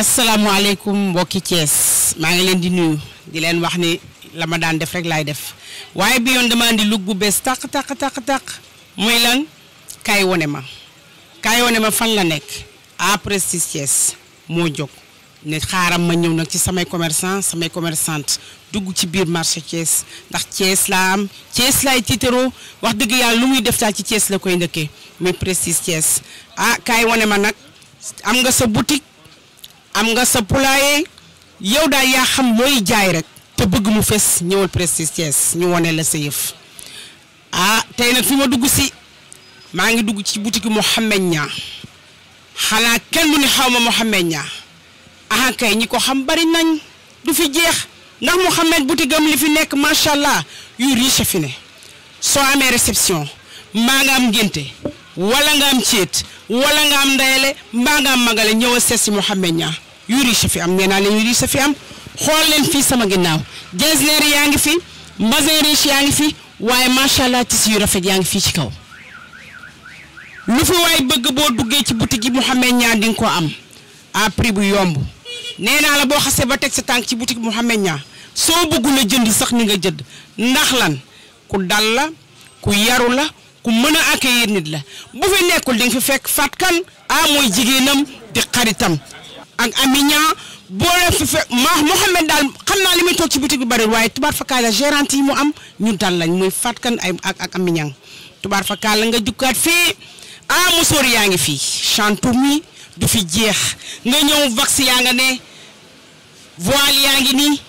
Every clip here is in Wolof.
asalaamaaleykum mbokki Thiès maa ngi leen di nuyu di leen wax ni la ma daan def rek laay def waaye bi yoon dama andi lugg bees taq taq taq taq muy lan kaay wone ma kaay wone ma fan la nekk à Prestige moo jóg xaaram ma ñëw nag ci samay commerçant samay commerçante dugg ci biir marché Thiès ndax Thiès laa am Thiès laay tiitaroo wax dëgg yàlla lu muy def daal ci Thiès la koy ndëkkee muy Prestige Thiès ah kaay wone ma nag am nga sa boutique. am nga sa poulailler yow daal yaa xam mooy jaay rek te bëgg mu fes ñëwal Prestige Thiès ñu wone la sa yëf ah tey nag fi ma dugg si maa ngi dugg ci boutique mohammed Niang xanaa kenn mu ni xaw ma Mouhamed Niang ah kay ñi ko xam bari nañ du fi jeex ndax mohammed boutique am li fi nekk macha allah yu riche fi ne soo amee réception maa nga am ngénte wala nga am ceet wala nga am ndayale mbaa nga am magale ñëw a seesi Mouhamed Niang yuri sa fi am nee naa leen yuri sa fi am xool leen fii sama ginnaaw jesneer yaa ngi fi mbasin riche yaa ngi fi waaye macha allah tissu yu rafet yaa ngi fii ci kaw lu fi waay bëgg boo duggee ci boutique yi Mouhamed Niang di nga ko am à prix bu yomb nee naa la boo xasee ba teg sa tànk ci boutique Mouhamed ñaa soo bëggul a jënd sax ni nga jënd ndax lan ku dal la ku yaru la ku mën a accueillir nit la bu fi nekkul di fi fekk Fatou Kane mooy jigéenam di xaritam ak Amina boo leen fi fekk ma Mouhamed daal xam naa li muy toog ci boutique bi bari waaye tubaar fakkaay la gérante mu am ñu dal lañ muy Fatou ay ak ak Amina tubaar fakkaay la nga jukkaat fii ah musóor yaa ngi fii chantoum yi du fi jeex nga ñëw vax yaa nga ne voile yaa ngi nii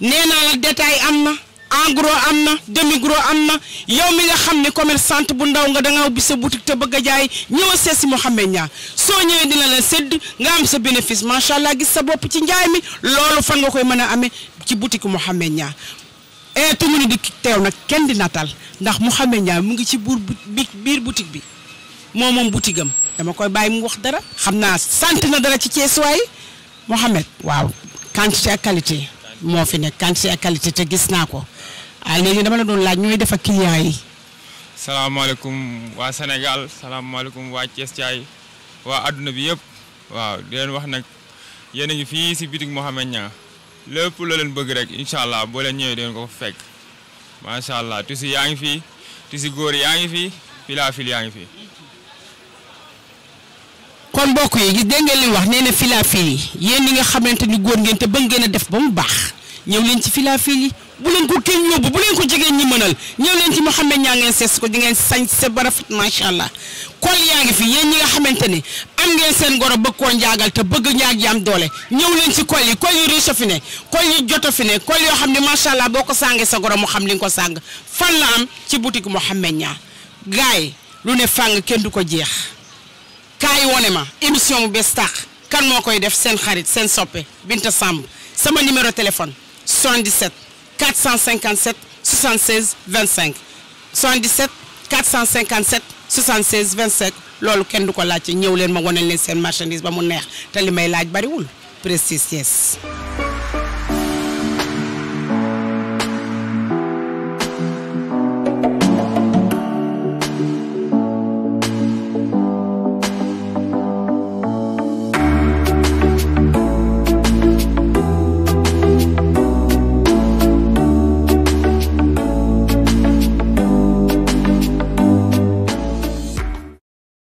nee la détail am na. en am na demi gros am na yow mi nga xam ne commerçante bu ndaw nga da ubbi sa boutique te bëgg a jaay ñëw a seet si Mouhamed ñaa soo ñëwee dina la sedd nga am sa bénéfice macha allah gis sa bopp ci njaay mi loolu fan nga koy mën a amee ci boutique Mouhamed Niang et eh, tu ni di teew nag kenn di natal ndax Mouhamed Niang mu ngi ci buur bi biir boutique bi moo moom boutique dama koy bàyyi mu wax dara xam naa sant na dara ci Cees waay Mouhamed waaw quantité ak qualité moo fi nekk quantité ak qualité te gis naa ko ah léegi dama la doon laaj ñooy def ak client yi. salaamaaleykum waa Sénégal salaamaaleykum waa Thiès Thiaye waa adduna bi yëpp waaw di leen wax nag yéen a fii si bitig Mouhamed Niang lépp loo leen bëgg rek incha allah boo leen ñëwee deen ko fekk macha allah tusi yaa ngi fi tusi góor yaa ngi fi filafil yaa ngi fi. kon mbokk yi gis dégg ngeen leen wax nee na filaafil yi yéen ñi nga xamante ni góor ngeen te bëgg ngeen a def ba mu baax ñëw leen ci filafili yi bu leen ko kenn yóbbu bu leen ko jigéen ñi mënal ñëw leen ci Mouhamed ñaa ngeen sees ko di ngeen sañ sa barafat macha allah kol yaa ngi fi yéen ñi nga xamante ni am ngeen seen goro bëgg koo njaagal te bëgg ñaag yaam doole ñëw leen ci kol yi kol yu riche fi ne kol yu joto fi ne kol yoo xam ne macha allah boo ko sàngee sa goro mu xam li nga ko sàng fan la am ci boutique Mouhamed ñaa gaay lu ne fàng kenn du ko jeex Kaiwone ma émission bu bees tax kan moo koy def sen xarit sen soppé, Binta Samb sama numéro téléphone 77 457 76 25 77 457 76 25 loolu kenn du ko laajte ñëw leen ma wonal leen sen marchandise ba mu neex te li may laaj bariwul Prestige yes